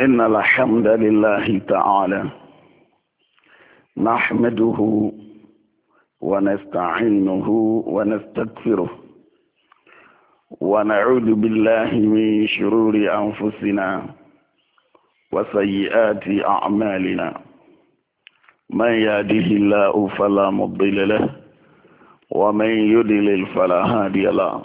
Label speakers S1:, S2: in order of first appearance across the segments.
S1: إن الحمد لله تعالى نحمده ونستعينه ونستغفره ونعوذ بالله من شرور أنفسنا وسيئات أعمالنا من يهده الله فلا مضل له ومن يضلل فلا هادي له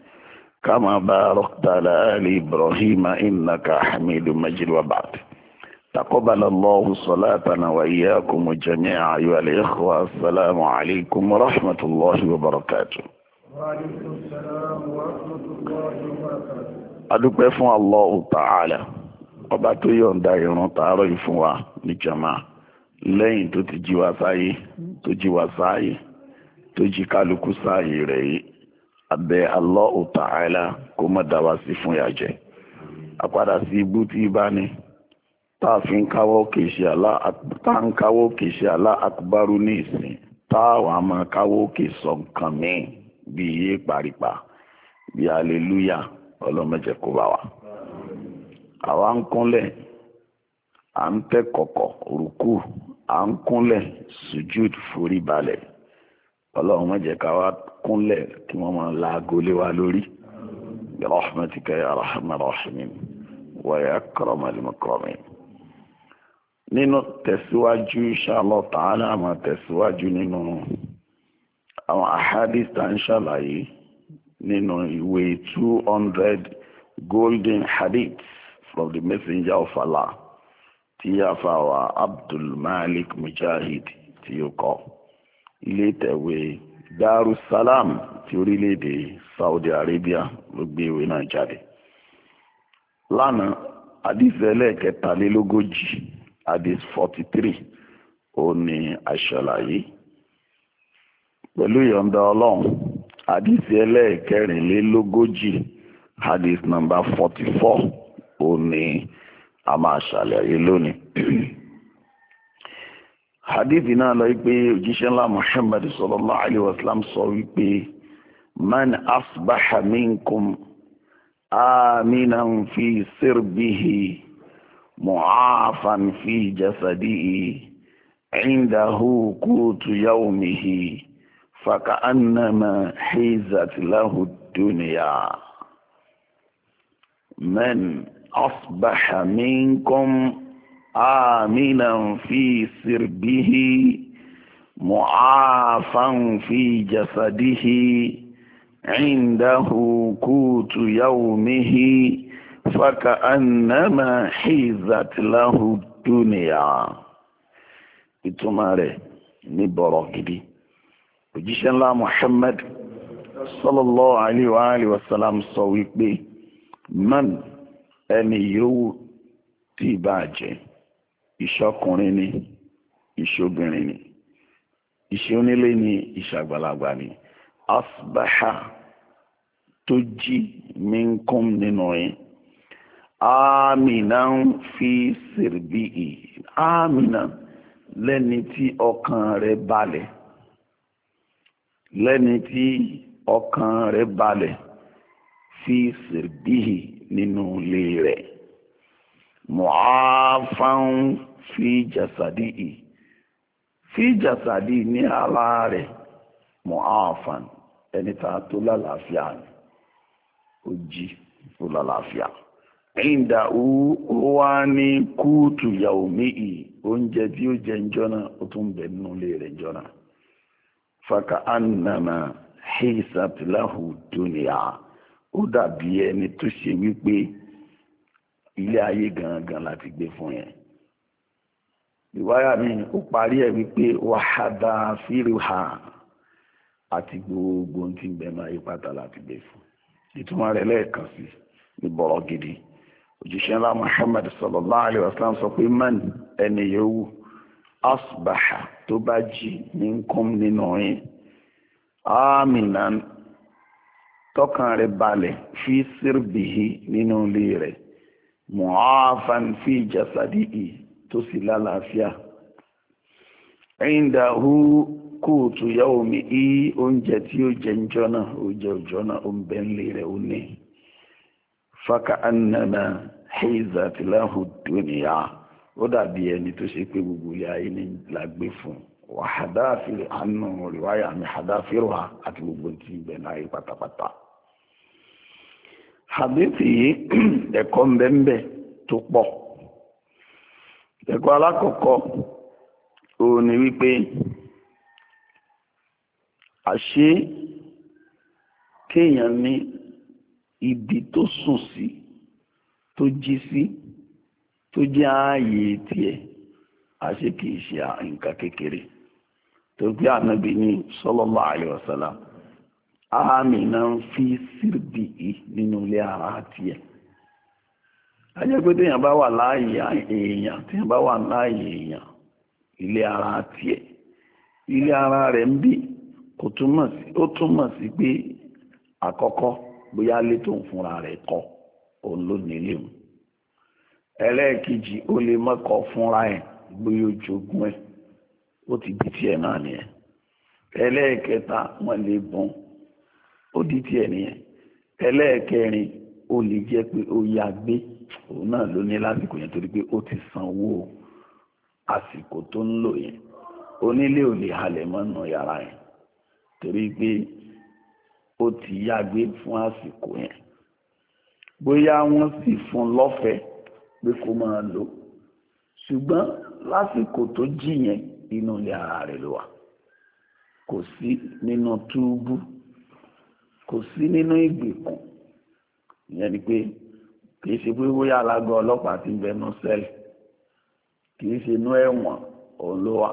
S1: كما باركت على آل إبراهيم إنك حميد مجيد وبعد تقبل الله صلاتنا وإياكم جميعا أيها الإخوة السلام عليكم ورحمة الله وبركاته وعليكم السلام ورحمة الله وبركاته adúpẹ́ fún Allahu Ta'ala ọba tó yọ̀ǹda ìrun tààrọ̀ yìí fún wa ní jama lẹ́yìn tó ti jí wa sáyé tó jí wa sáyé tó jí kálukú sáyé rẹ̀ yìí abẹ Allahu Ta'ala kó má dá sí fún ìyàjẹ àpadà sí ibú tí bá ní fi ń káwọ́ táà ń káwọ́ kìí ní ìsìn sọ nǹkan bí iye paripa bí aleluya ọlọ́mọjẹ kó bá wa àwa ń kúnlẹ̀ à ń tẹ́ kọ̀kọ̀ rúkú à ń ọlọ́run má jẹ́ ká wá kúnlẹ̀ kí wọ́n máa la agolé wa lórí bi rahmatika ya rahman rahimin wa ya akramal mukramin nínú tẹ̀síwájú insha Allah ta'ala àmọ́ tẹ̀síwájú nínú àwọn ahadith ń ṣàlàyé nínú ìwé 200 golden hadiths from the messenger of Allah tí yàfa wa Abdul Mujahid tí ó kọ́ ilé darussalam ti orílẹ̀-èdè saudi arabia ló gbé ìwé náà jáde lánàá àdìsí ẹlẹ́ẹ̀kẹtàlélógójì àdìsí forty three ó ní àṣàlàyé pẹ̀lú ìyọ̀ǹda ọlọ́run àdìsí ẹlẹ́ẹ̀kẹrìnlélógójì àdìsí nàmbà forty four ó ní a máa ṣàlàyé lónìí. حديث نا الله محمد صلى الله عليه وسلم سو من اصبح منكم امنا في سربه معافا في جسده عنده قوت يومه فكانما حيزت له الدنيا من اصبح منكم آمنا في سربه معافا في جسده عنده كوت يومه فكأنما حيزت له الدنيا ìtumọ̀ rẹ̀ ní bọ̀rọ̀ gidi òjíṣẹ́ ńlá Muhammad sallallahu alaihi wa alihi wa sallam sọ wípé man ẹni yòówù tí bá jẹ́ ìṣọkùnrin ni ìṣobìnrin ni ìṣonílé ni ìṣàgbàlagbà ni asbaha tó jí minkum nínú yín aminan fi sirbi aminan lẹ́ni tí ọkàn rẹ̀ balẹ̀ lẹ́ni tí ọkàn rẹ̀ balẹ̀ fi sirbi nínú ilé rẹ̀ mu'afan fi jasadi i fi jasadi ní ara rẹ̀ mu'afan ẹni tá tó lálàáfíà ni ó jí ó lálàáfíà ẹ̀yìndà wá ní kúùtù yàwó míì oúnjẹ tí ó jẹ ńjọ́ ó tún bẹ̀ nínú ilé rẹ̀ ńjọ́ faka annama hisat lahu ó dàbí ẹni tó ṣe wípé ilé ayé gangan láti gbé fún yẹn ìwáyà mi ó parí ẹ̀ wípé wàhádà fírìhà àti gbogbo tí ń bẹ̀rẹ̀ ayé pátá láti gbé fún ìtumọ̀ rẹ̀ lẹ́ẹ̀kan sí ìbọ̀rọ̀ gidi òjíṣẹ́ ńlá Muhammad sallallahu alaihi wasallam sọ pé man ẹni yòówù asbaha tó bá jí ní nǹkan nínú yín aminan tọkàn rẹ̀ balẹ̀ fi sírbihi nínú ilé rẹ̀ mu'afan fi jasadihi tó sì lálàáfíà ẹ̀yìndà hú kóòtù yá omi í oúnjẹ tí ó jẹ ńjọ́ náà ó jẹ òjọ́ náà ó ń bẹ́ ńlé rẹ̀ ó ní fáka annana heiza tilahu duniya ó dàbí ẹni tó ṣe pé gbogbo ilé ayé lágbé fún wà hàdáfìrì àánú rìwáyà mi hàdáfìrì wa àti gbogbo tí ibẹ̀ náà yí pátápátá hadithi yìí ẹ̀kọ́ mbẹ́mbẹ́ tó pọ̀ ẹ̀kọ́ alákọ̀ọ́kọ́ òun ni wípé àṣé kéèyàn ní ibi tó sùn sí tó jí sí tó jẹ́ ààyè tiẹ̀ àṣé kìí ṣe nǹkan kékeré tó gbé ànábì ní sallallahu alaihi àmì náà fi sírbi nínú ilé ara tiẹ̀ ajẹ́ pé téèyàn bá wà láàyè èèyàn téèyàn bá wà ara tiẹ̀ ilé ara rẹ̀ ń bí ó túmọ̀ sí pé àkọ́kọ́ bóyá lé tó ń fúnra rẹ̀ kọ́ òun ló nílé mu ẹlẹ́ẹ̀kejì ó lè mọ́kọ fúnra ẹ̀ bóyá ojogún ẹ̀ ó ti di tiẹ̀ náà nìyẹn ẹlẹ́ẹ̀kẹta wọ́n lè bọ́n ó di tiẹ̀ nìyẹn ẹlẹ́ẹ̀kẹrin ó lè jẹ́ pé ó yá gbé òun náà ló ní lásìkò yẹn torí pé ó ti sanwó àsìkò tó ń lò yẹn onílé ò lè halẹ̀ mọ́nà yàrá yẹn torí pé ó ti yàgbé fún àsìkò yẹn bóyá wọ́n sì fún lọ́fẹ̀ẹ́ pé kó máa lò ṣùgbọ́n lásìkò tó jí yẹn inú ilé ara rẹ̀ ló wà kò sí nínú túbú kò sí nínú ìgbèkùn ìyẹn ni pé kìí ṣe pé wóyá alágọ̀ ọlọ́pàá ti bẹnu sẹ́ẹ̀lì kìí ṣe inú ẹ̀wọ̀n olówà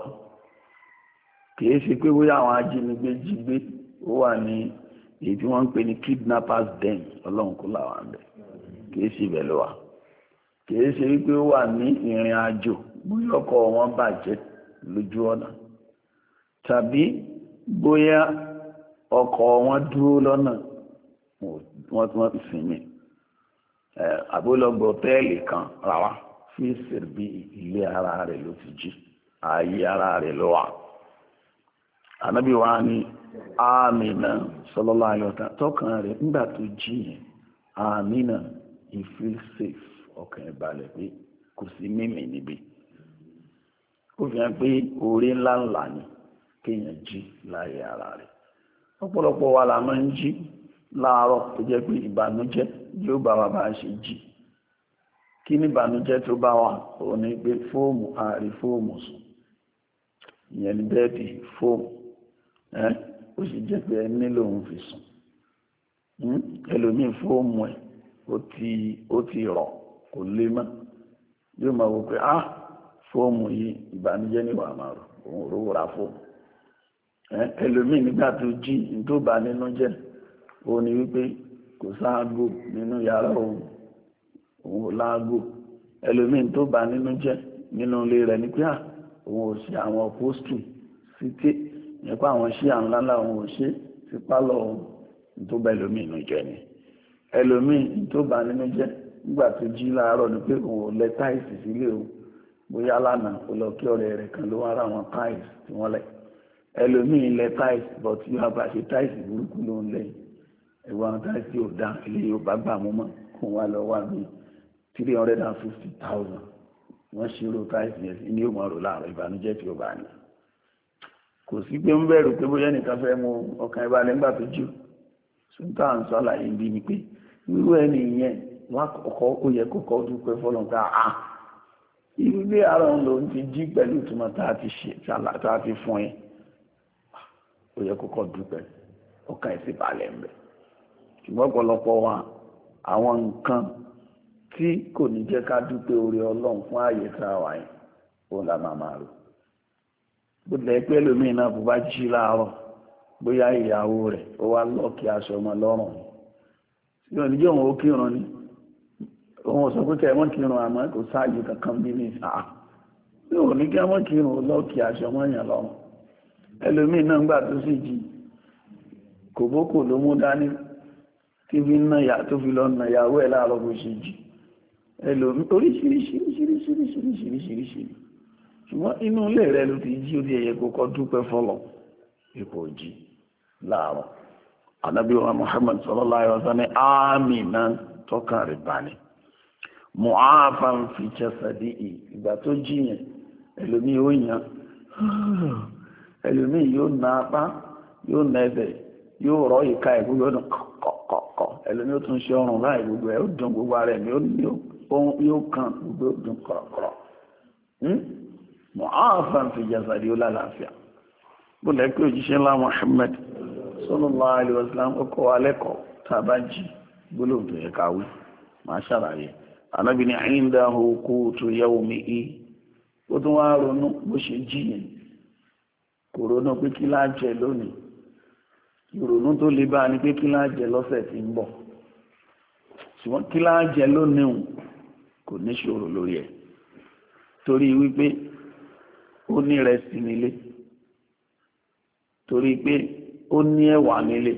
S1: kìí ṣe pé wóyá àwọn ajínigbé jígbé ó wà ní èyí tí wọ́n ń pè ní kidnappers den ọlọ́run kó làwọn bẹ̀ kìí ṣe ibẹ̀ ló wà kìí ṣe wípé ó wà ní ìrìn àjò bóyá ọkọ̀ wọn bàjẹ́ lójú ọ̀nà tàbí bóyá ọkọ̀ wọn dúró lọ́nà wọ́n ti sinmi àbólọ́gbọ̀ tẹ́ẹ̀lì kan rárá fi ṣèrìbí ilé ara rẹ̀ ló ti jí ara rẹ̀ ló wà ànábì wa ní àmìnà sọlọ́lá ayọta tọkàn rẹ̀ nígbà tó jí yẹn àmìnà ọkàn ẹ̀ pé kò sí mímì níbi ó fi hàn pé orí ara rẹ̀ ọ̀pọ̀lọpọ̀ wa la máa ń láàárọ̀ tó jẹ́ pé ìbànújẹ́ yóò bá wa bá ṣe ji. kí ní ìbànújẹ́ tó bá wa ò ní pé fóòmù ààrí fóòmù sùn ìyẹn ní bẹ́ẹ̀dì fóòmù ẹ́ ó sì jẹ́ pé ẹni fi sùn hmm? ẹlòmíì fóòmù ẹ̀ ó ti rọ̀ kò lé mọ́ yóò máa wò pé ah fóòmù yìí ìbànújẹ́ ní wàá máa rò òun òróró fóòmù ẹlòmíì nígbà tó jí ní tó bá nínú jẹ́ ó ní wípé kò sáàgò nínú yàrá òun òun ò láàgò ẹlòmíín tó bá nínú jẹ́ nínú ilé rẹ̀ ni pé à òun ò ṣe àwọn apostol síké nípa àwọn ṣé àńlá ńlá òun ò ṣe sí pálọ̀ òun tó bá ẹlòmíín nínú ni ẹlòmíín tó bá nínú jẹ́ nígbà tó jí láàárọ̀ ni pé òun ò lẹ táìsì sílé o bóyá lánàá ó lọ kí ọ̀rẹ́ rẹ̀ kan ló wá ra àwọn táìsì tí wọ́n lẹ̀ ẹlòmíín lẹ táìsì bọ̀ tí yóò bá ṣe táìsì burúkú ló ń lẹ́yìn ẹ̀wọ̀ àwọn táyà tí ò dá ilé yorùbá gbà mú mọ́ kó wá lọ wá ní three hundred and fifty thousand wọ́n ṣírò táyà yẹn ní yóò mọ̀ ọ́rọ̀ láàrọ̀ ìbànújẹ́ tí ó bá ní. kò sí pé ń bẹ̀rù pé bóyá nìkan fẹ́ mu ọkàn ìbálẹ̀ ńgbà tó jù sóńtà ń sọ́làyé bí ni pé irú ẹni yẹn wọ́n kọ́kọ́ ó yẹ kọ́kọ́ dúpẹ́ fọlọ́ńkà á ah, ah, irú ilé ara ń lò ń ti jí pẹ̀lú ìtumọ̀ tá a ti ṣe tá a ti fún yín ah, ó yẹ kọ́kọ́ dúpẹ́ ọkàn ìsìnbalẹ̀ ń bẹ̀rẹ̀ ṣùgbọ́n ọ̀pọ̀lọpọ̀ wa àwọn nǹkan tí kò ní jẹ́ ká dúpẹ́ oore ọlọ́run fún ààyè tá a wà yìí òun là máa máa rò bó tilẹ̀ pé ẹlòmíín náà bó bá jí láàárọ̀ bóyá ìyàwó rẹ̀ ó wá lọ́ọ̀kì aṣọ ọmọ lọ́rùn yóò ní jẹ́ òun ó kírun ni òun ò sọ pé kẹ́ ẹ mọ́ kírun àmọ́ kò sáàyè kankan bí ní ìsàá yóò ní kí wọ́n kírun lọ́ọ̀kì aṣọ ọmọ yẹn lọ́rùn ẹlòmíín náà gbà tó sì jí kòbókò ló mú dání tí fi náyà tó fi lọ náyàwó ẹ̀ láàárọ̀ bó ṣe jì ẹlòmí oríṣiríṣiríṣiríṣiríṣiríṣiríṣi ṣùgbọ́n inú ilé rẹ ló ti jí ó ti ẹ̀yẹ kókọ́ dúpẹ́ fọlọ̀ ipò jí láàárọ̀ Ànábì wa Muhammad sallallahu alaihi wasallam amina tọ́kàn rẹ̀ balẹ̀ mu'afan fi jasadi ìgbà tó jí yẹn ẹlòmí yóò yàn ẹlòmí yóò na apá yóò na ẹsẹ̀ yóò rọ ìka ẹ̀kú yóò nà kọ̀kọ̀ kọ̀ ẹlòmí ó tún ṣe ọrùn láì gbogbo ẹ̀ ó dùn gbogbo ara ẹ̀mí ó ní ohun yóò kàn gbogbo ó dùn kọ̀rọ̀kọ̀rọ̀ mọ̀áfà hmm? fi jàzàdì ó lálàáfíà bó lẹ́ pé òjíṣẹ́ ńlá Muhammad sallallahu alaihi wasallam ó kọ́ ìrònú tó le bá ní pé kí láà jẹ lọ́sẹ̀ tí ń bọ̀ ṣùgbọ́n kí láà jẹ lónìí kò ní ṣòro lórí ẹ̀ torí wípé ó ní rẹsì nílé torí pé ó ní ẹ̀wà nílé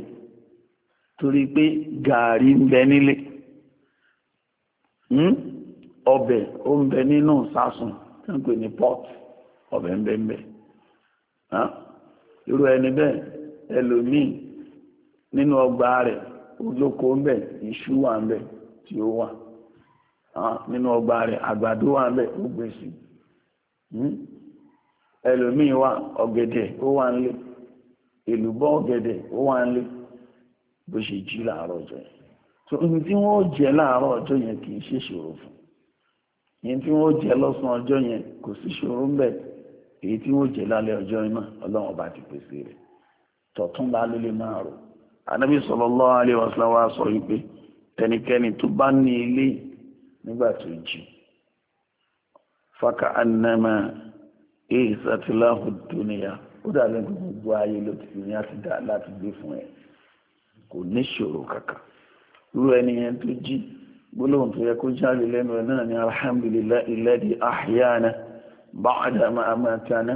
S1: torí pé gààrí ń bẹ nílé hmm? ọbẹ̀ ó ń bẹ nínú sásùn tó ń pè ní pot ọbẹ̀ ń bẹ ń bẹ irú ẹni bẹ́ẹ̀ ẹlòmíì nínú ọgbà rẹ̀ olóko ń bẹ iṣu wà ń bẹ tí ó wà nínú ọgbà rẹ̀ àgbàdo wà ń bẹ ó gbé sí hmm? ẹlòmíì wà ọ̀gẹ̀dẹ̀ ó wà ń lé èlùbọ́ ọ̀gẹ̀dẹ̀ ó wà ń lé bó ṣe jí láàárọ̀ ọjọ́ yẹn so ní tí wọ́n jẹ láàárọ̀ ọjọ́ yẹn kì í ṣèṣòro fún ní tí wọ́n jẹ lọ́sàn ọjọ́ yẹn kò sí ṣòro ń bẹ èyí tí wọ́n jẹ lálẹ́ ọjọ́ náà ọlọ́run ọba ti pèsè rẹ̀ tọ̀túnla ló lè máa rò anábì sallallahu alaihi wasallam wa sọ wípé ẹnikẹ́ni tó bá ní ilé nígbà tó jí faka annama ihsatilahu dunya ó dàbí gbogbo ayé ló ti fi ní láti gbé fún ẹ kò níṣòro kankan irú ẹni yẹn tó jí gbólóhùn tó yẹ kó jáde lẹ́nu ẹ̀ náà ni alhamdulillah alladhi ahyana ba'da ma amatana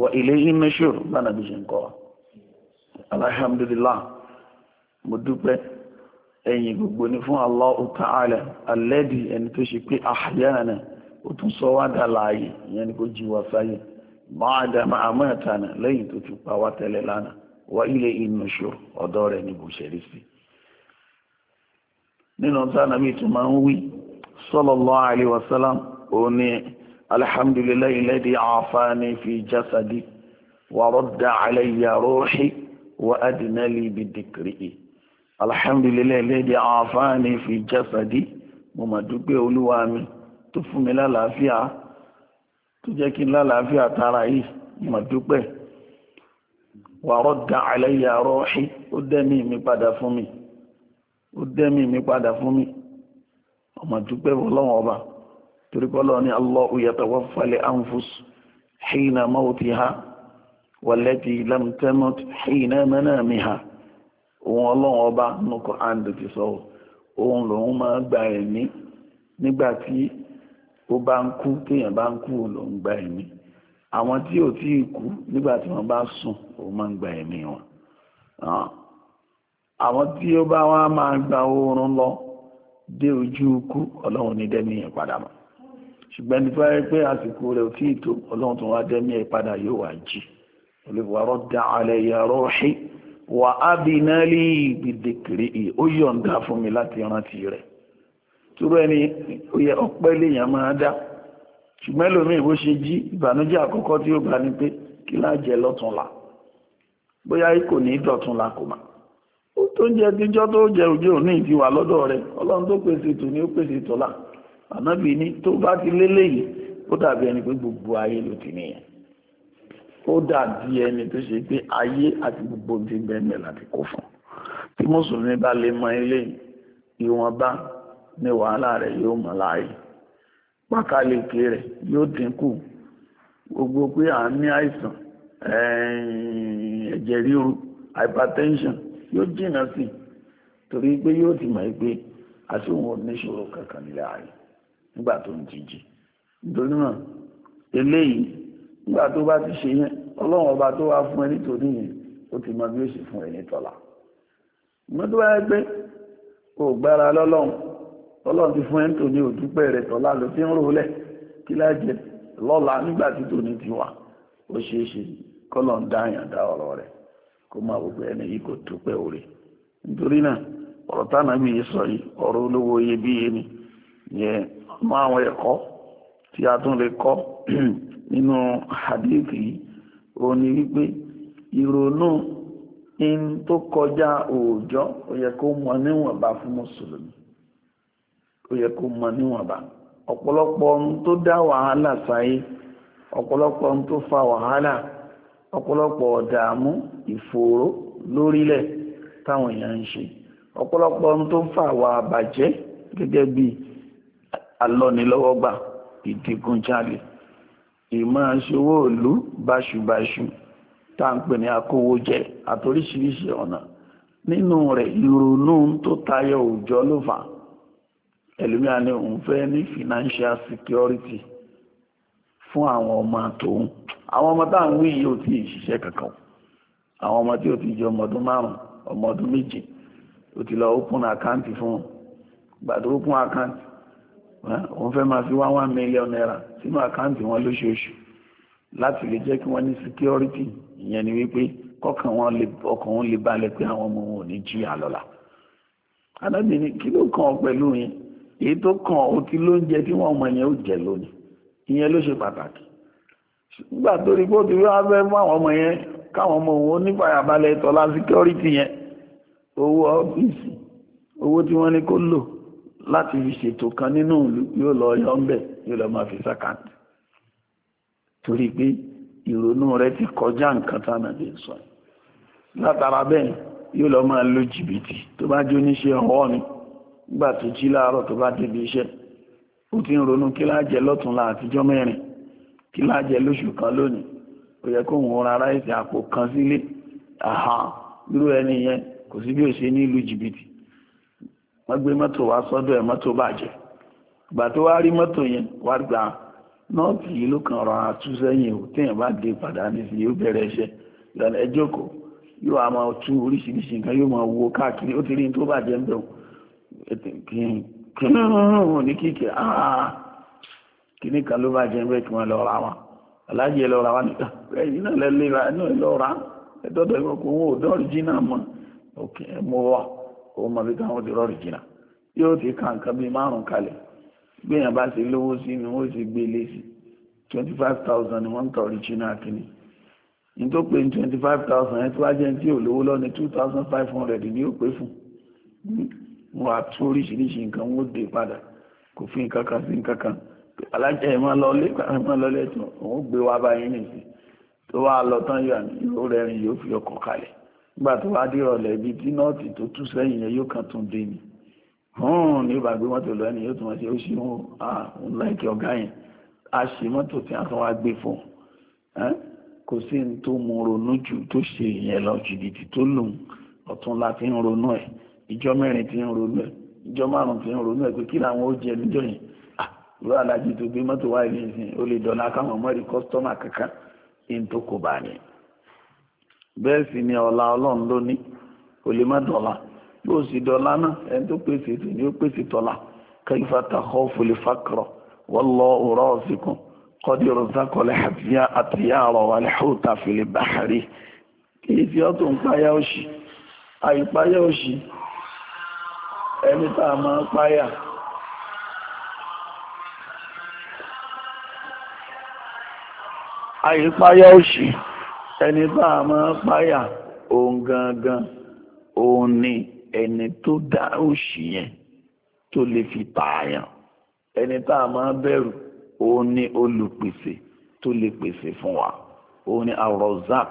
S1: wa ilayhi nushur bá nàbí ṣe ń kọ́ wa alhamdulillah mo dúpẹ́ ẹ̀yìn gbogbo ni fún Allahu ta'ala alẹ́dì ẹni tó ṣe pé àhàyàna ó tún sọ wá dà láàyè ìyẹn ni kò jí wa sáyé báadà máa mọ́ ẹ̀tànà lẹ́yìn tó tún pa wá tẹ́lẹ̀ lánàá wá ilé ìnùṣọ́ ọ̀dọ́ rẹ̀ ní bùṣẹ̀rí sí nínú tánàbí tó máa ń wí وأدنى لي بذكره الحمد لله الذي عافاني في جسدي ومدوك أولوامي تفهم لا لافيا تجاك لا لافيا ترى مدوك ورد علي روحي قدامي مقادة فمي قدامي مقادة فمي ومدوك والله وبا تريك الله أني الله يتوفى لأنفس حين موتها wọ̀lẹ́tì lamtemot hìnà mẹ́nàmíhà òun ọlọ́run ọba nínú Quran ló ti sọ òun lòun máa gba ẹ̀mí nígbà tí ó bá ń kú téèyàn bá ń kú òun lòun gba ẹ̀mí àwọn tí ò tí ì kú nígbà tí wọ́n bá sùn òun máa ń gba ẹ̀mí wọn ah, àwọn tí ó bá wá máa gba oorun lọ dé ojú ikú ọlọ́run ní dẹ́mi ẹ̀ padà mọ́ ṣùgbọ́n nípa pé àsìkò rẹ̀ ò tí ì tó ọlọ́run tó wá dẹ́mi ẹ̀ padà yóò wá jí olùwàrọ̀dà àlẹ́yà rọ́ọ̀ṣì wà á bí náà lè gbèdékèrè ì ó yọ̀ǹda fún mi láti rántí rẹ̀ tóró ẹni ó yẹ ọpẹ́ léèyàn máa dá ṣùgbọ́n ẹlòmíì bó ṣe jí ìbànújẹ́ àkọ́kọ́ tí ó bá ní pé kí láàjẹ lọ́túnla bóyá kò ní dọ̀túnla kò mà ó tó ń jẹ tíjọ́ tó jẹ òjò ní ìdí wà lọ́dọ̀ rẹ̀ ọlọ́run tó pèsè tò ní ó pèsè tọ́lá ànábì ní tó bá ti lélẹ́yìí ó dàbí ẹni pé gbogbo ayé ló ti nìyẹn ó dàbí ẹni tó ṣe pé ayé àti gbogbo ti bẹ́ẹ̀ láti kó fún tí mùsùlùmí bá lè mọ ilé ìwọ̀nba ní wàhálà rẹ̀ yóò mọ̀ láàyè pákáleke rẹ̀ yóò dínkù gbogbo pé à ń ní àìsàn ẹ̀jẹ̀ ríru hypertension yóò jìnnà sí torí pé yóò ti mọ̀ pé àti òun ò níṣòro kankan nílẹ̀ ayé nígbà tó ń jíjí nítorí náà eléyìí nígbà tó bá ti ṣe yẹn ọlọ́run ọba tó wá fún ẹ nítorí yẹn ó ti mọ bí ó sì fún ẹ nítọ́lá mọ́tò wáyé pé kò gbára lọ́lọ́run ọlọ́run ti fún ẹ nítorí òdúpẹ́ rẹ̀ tọ́lá ló fi ń rò lẹ̀ kí lájẹ lọ́la nígbà tí tòní ti wà ó ṣeé ṣe kọ́lọ̀ ń dá àyàn dá ọ̀rọ̀ rẹ̀ kó máa gbogbo ẹni yìí kò dúpẹ́ òre nítorí náà ọ̀rọ̀ táwọn ẹbí yìí sọ yìí ọ̀rọ̀ olówó iyebíye ni yẹn mọ àwọn ẹ̀kọ́ tí a tún lè kọ́ nínú hadithi ó ní wípé ìrònú in tó kọjá òòjọ́ ó yẹ kó mọ níwọ̀nba fún mùsùlùmí ó yẹ kó mọ níwọ̀nba ọ̀pọ̀lọpọ̀ ohun tó dá wàhálà sáyé ọ̀pọ̀lọpọ̀ ohun tó fa wàhálà ọ̀pọ̀lọpọ̀ ọ̀dààmú ìfòòró lórílẹ̀ táwọn èèyàn ń ṣe ọ̀pọ̀lọpọ̀ ohun tó fa àwa àbàjẹ́ gẹ́gẹ́ bí alọ́nilọ́wọ́gbà ìdígunjalè ìmọ̀ ṣòwò ìlú báṣubàṣu tá ń pè ní akówójẹ àtoríṣiríṣi ọ̀nà nínú rẹ̀ ìrònú tó tayọ òòjọ́ ló fà ni òun fẹ́ ní financial security fún àwọn ọmọ tòun àwọn ọmọ tá à ń wí yìí ò tí ì ṣiṣẹ́ kankan àwọn ọmọ tí ó ti jẹ ọmọ ọdún márùn ọmọ ọdún méje ó ti lọ open account fún wọn gbàdúrópin wọ́n fẹ́ máa fi wá one million naira sínú àkáǹtì wọn lóṣooṣù láti lè jẹ́ kí wọ́n ní security ìyẹn ni wípé kọ́kàn wọn lè ọkàn wọn lè balẹ̀ pé àwọn ọmọ wọn ò ní jìyà lọ́la. adábìnrin kí ló kàn ọ́ pẹ̀lú yẹn èyí tó kàn ó ti lóúnjẹ tí wọ́n mọ̀ yẹn ó jẹ lónìí ìyẹn ló ṣe pàtàkì nígbà tó rí bó ti rí wá fẹ́ fún àwọn ọmọ yẹn káwọn ọmọ òun onífàyàbalẹ̀ tọ́lá security yẹn owó ọ́fíìsì owó tí wọ́n ní kó lò láti fi ṣètò kan nínú ìlú yóò lọ yọ ń bẹ̀ yóò lọ máa fi sákàtì torí pé ìrònú rẹ ti kọjá nǹkan tánà lè sọ látara bẹ́ẹ̀ yóò lọ máa lo jìbìtì tó bá jó níṣẹ́ ọwọ́ mi nígbà tó jí láàárọ̀ tó bá débi iṣẹ́ ó ti ń ronú kí láàjẹ lọ́túnla àtijọ́ mẹ́rin kí láàjẹ lóṣù kan lónìí ó yẹ kó òun rárá ìsìn àpò kan sílé àhà irú ẹni yẹn kò sí bí ó ṣe ní jìbìtì wọ́n gbé mọ́tò wá sọ́dọ̀ ẹ̀ mọ́tò bàjẹ́ ìgbà tó wá rí mọ́tò yẹn wá gba nọ́ọ̀tì yìí ló kàn rọra tú sẹ́yìn ò téèyàn bá dé padà nísìnyí yóò bẹ̀rẹ̀ iṣẹ́ ìlànà ẹ jókòó yóò àmọ́ tú oríṣiríṣi nǹkan yóò máa wo káàkiri ó ti rí tó bàjẹ́ ń bẹ̀ kìnnìún ní kíkì kìnnì ah, ah, ah. kan ló bàjẹ́ ń bẹ̀ kí wọ́n lọ ra wọn aláàjì ẹ lọ ra wọn nìkan ẹ̀yìn náà lẹ́ lè ra ẹ̀ náà lọ ra ẹ̀ dọ́dọ̀ ẹ̀ kò wọ́n ò kó mọ bí káwọn ti rọrì jìnnà yóò ti ka nǹkan bíi márùn kalẹ̀ gbéyàn bá ṣe lówó sí ni wọ́n ti gbé lé sí twenty five thousand ni wọ́n ń tọrí jìnnà kínní ní tó pé twenty five thousand yẹn tó wá jẹ́ tí ò lówó lọ́ni two thousand five hundred ni yóò pé fún wọn á tún oríṣiríṣi nǹkan wọn ó dé padà kò fi nǹkan kan sí nǹkan kan alájẹ ìmọ̀ lọlé ìmọ̀ lọlé tó òun gbé wá báyìí nìyí tó wá lọ tán yóò rẹrin yóò fi ọkọ̀ kalẹ̀ nígbà tó bá dé ìrọ̀lẹ́ ibi tí nọ́ọ̀tì tó tú sẹ́yìn yẹn yóò kàn tún dé ni hàn ní ìbá gbé mọ́tò lọ ẹni yóò tún wọ́n ṣe ó ṣe wọn àwọn láìkí ọ̀gá yẹn a ṣe mọ́tò tí a tún wá gbé fún un kò sí ní tó mú ronú jù tó ṣe ìyẹn lọ jìbìtì tó lòun ọ̀tún la fi ń ronú ẹ̀ ìjọ mẹ́rin ti ń ronú ẹ̀ ìjọ márùn-ún ti ń ronú ẹ̀ pé kí làwọn ó jẹ níjọ yẹn ìlú alájí tó gbé mọ́tò wáyé nísìnyí ó lè dọ̀la káwọn mọ́rí kọ́sítọ́mà kankan ní tó kò bá ní bẹ́ẹ̀ sì ni ọ̀la ọlọ́run ló ní kò lè má dọ̀la yóò sì dọ̀la náà ẹni tó pèsè ètò ni ó pèsè tọ̀la kayfa takhafu al-faqra wallahu raziqun qad razaqa at-tiyara wal-huta fil-bahri kìí fi ọ́ tó ń páyà òṣì àìpáyà òṣì ẹni tá a máa páyà àìpáyà òṣì ẹni bá a máa páyà òun gangan òun ni ẹni tó dá òṣì yẹn tó lè fi pààyàn ẹni tá a máa bẹ̀rù òun ni olùpèsè tó lè pèsè fún wa òun ni arozak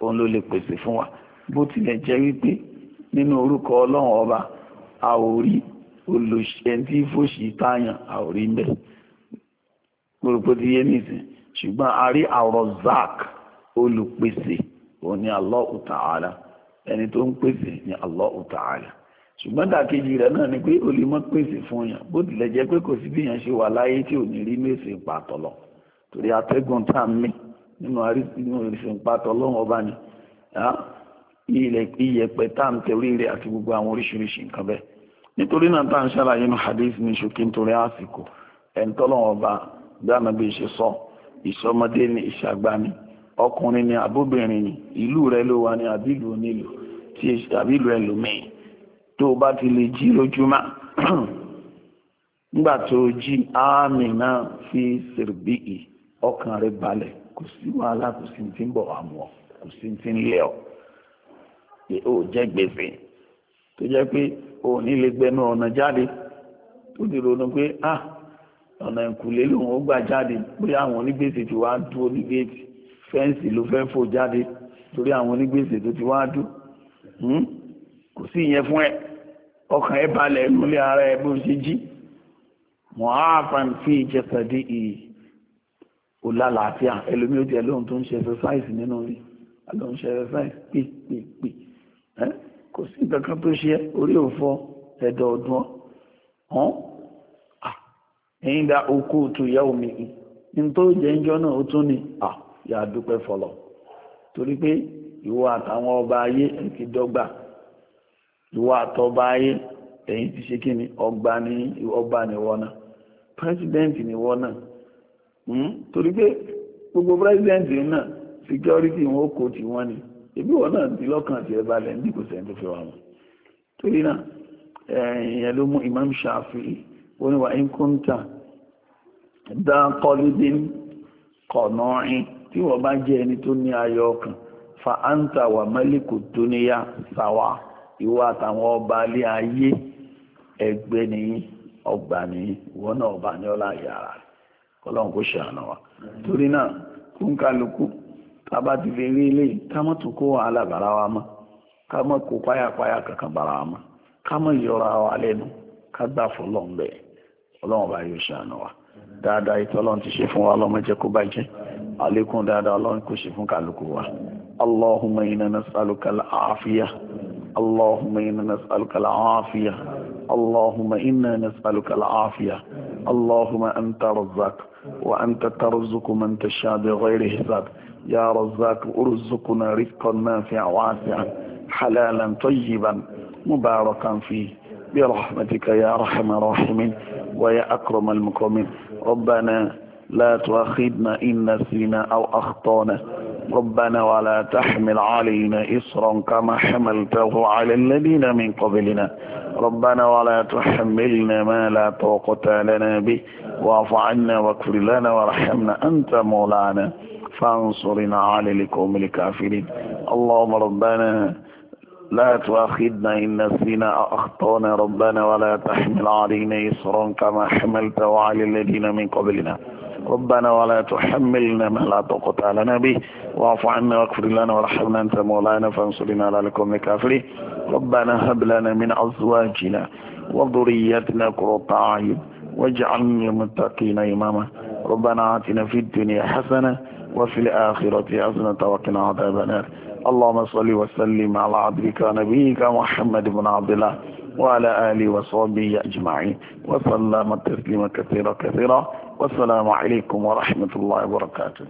S1: òun ló lè pèsè fún wa bó tilẹ̀ jẹ́ wípé nínú orúkọ ọlọ́run ọba a ò rí olùṣẹ́ntì fòṣì táyàn a ò rí ń bẹ̀ gbòròpó ti yé nìsín ṣùgbọ́n a rí arozak olùpèsè òun ni Allahu Ta'ala ẹni tó ń pèsè ni Allahu Ta'ala ṣùgbọ́n dàkejì rẹ̀ náà ni pé o lè mọ́ pèsè fún yàn bó tilẹ̀ jẹ́ pé kò sí bí yàn ṣe wà láyé tí ò ní rí ní èsì ìpàtọ́lọ̀ torí atẹ́gùn tá a mí nínú èsì ìpàtọ́lọ̀ ọba ni iyẹ̀pẹ̀ tá à ń tẹ̀rí rẹ̀ àti gbogbo àwọn oríṣiríṣi nǹkan bẹ́ẹ̀ nítorí náà tá à ń ṣàlàyé ní hadith ní ṣókí nítorí àsìkò ẹ̀ńtọ́lọ̀ ọba bí ṣe sọ ìṣọmọdé ni ìṣàgbani ọkùnrin ni àbóbìnrin ni ìlú rẹ ló wà ní àbílù onílù tí àbílù ẹlòmíì tó bá ti lè jí lójúmọ́ nígbà tó jí àmì náà fi ọkàn rẹ balẹ̀ kò sí wàhálà ti ń bọ̀ wá kò sí ti ń lẹ̀ ọ́ pé ó jẹ́ gbèsè tó o niile ní lè gbẹnu ọ̀nà jáde tó pé ah, ọ̀nà ìkùlé lòun ó gbà jáde àwọn onígbèsè ti fẹ́ǹsì ló fẹ́ fò jáde torí àwọn onígbèsè tó ti wá dùn hmm? kò sí ìyẹn fún ẹ ọkàn ẹ balẹ̀ múlẹ̀ ara ẹ bó ṣe jí wọ́n á fàn fi ìjẹsàdé ìyí ò lálàáfíà ẹlòmí ó jẹ lóhun tó ń ṣe exercise nínú rí alóhun ṣe exercise pè pè pè kò sí nǹkan kan tó ṣe orí òfò ẹ̀dọ̀ ọdún ọ̀hún ẹ̀yìn dá okó tó yá omi ní tó jẹ́ ń jọ náà ó tún ní à yà á dúpẹ́ fọlọ̀ torí pé ìwọ àtàwọn ọba ayé ẹ̀ ti dọ́gba ìwọ àtọba ayé ẹ̀yin ti ṣe kíni ọgbà ní ọba níwọ náà pírẹsidẹ́ǹtì níwọ náà hmm? torí pé gbogbo pírẹsidẹ́ǹtì náà security wọn ó kó tiwọn ni ebi wọn náà ti lọ́kàn ti ẹ̀ balẹ̀ ní kò wà wọn torí náà ẹ̀yìn ló mú Imam Shafi'i oníwà ń kúńtà dá kọ́lídín tí wọ́n bá jẹ́ ẹni tó ní ayọ̀ ọkàn fa anta wa maliku duniya sawa ìwọ àtàwọn ọba ilé ayé ẹgbẹ́ nìyí ọgbà nìyí ìwọ náà ọba ní ọlá yàrá kò ṣàánà wa torí náà kúńkálukú tába ti lè rí ilé kámọ́tò kó wàhálà bàrà wa mọ́ kámọ́ kó páyàpáyà kankan bàrà wa mọ́ kámọ́ yọra wa lẹ́nu wa dáadáa ti ṣe fún wa jẹ́ kó àlékún dáadáa ọlọ́run kò ṣe fún kálukú wa allahumma inna nas'aluka al-afiya allahumma inna nas'aluka al-afiya allahumma inna nas'aluka al-afiya allahumma anta razzaq wa anta tarzuqu man tasha bighayri hisab ya razzaq urzuqna rizqan nafi'an wasi'an halalan tayyiban mubarakan fihi برحمتك يا ارحم الراحمين ويا اكرم المكرمين ربنا لا تؤاخذنا إن نسينا أو أخطأنا ربنا ولا تحمل علينا إصرا كما حملته على الذين من قبلنا ربنا ولا تحملنا ما لا طاقة لنا به واعف عنا واغفر لنا وارحمنا أنت مولانا فانصرنا على القوم الكافرين اللهم ربنا لا تؤاخذنا إن نسينا أو أخطأنا ربنا ولا تحمل علينا إصرا كما حملته على الذين من قبلنا ربنا ولا تحملنا ما لا طاقة لنا به واعف عنا واغفر لنا وارحمنا أنت مولانا فانصرنا على القوم الكافرين ربنا هب لنا من أزواجنا وذريتنا قرة أعين واجعلنا متقين إماما ربنا آتنا في الدنيا حسنة وفي الآخرة حسنة وقنا عذاب النار اللهم صل وسلم على عبدك ونبيك محمد بن عبد الله وعلى آله وصحبه أجمعين وسلم تسليما كثيرا كثيرا والسلام عليكم ورحمة الله وبركاته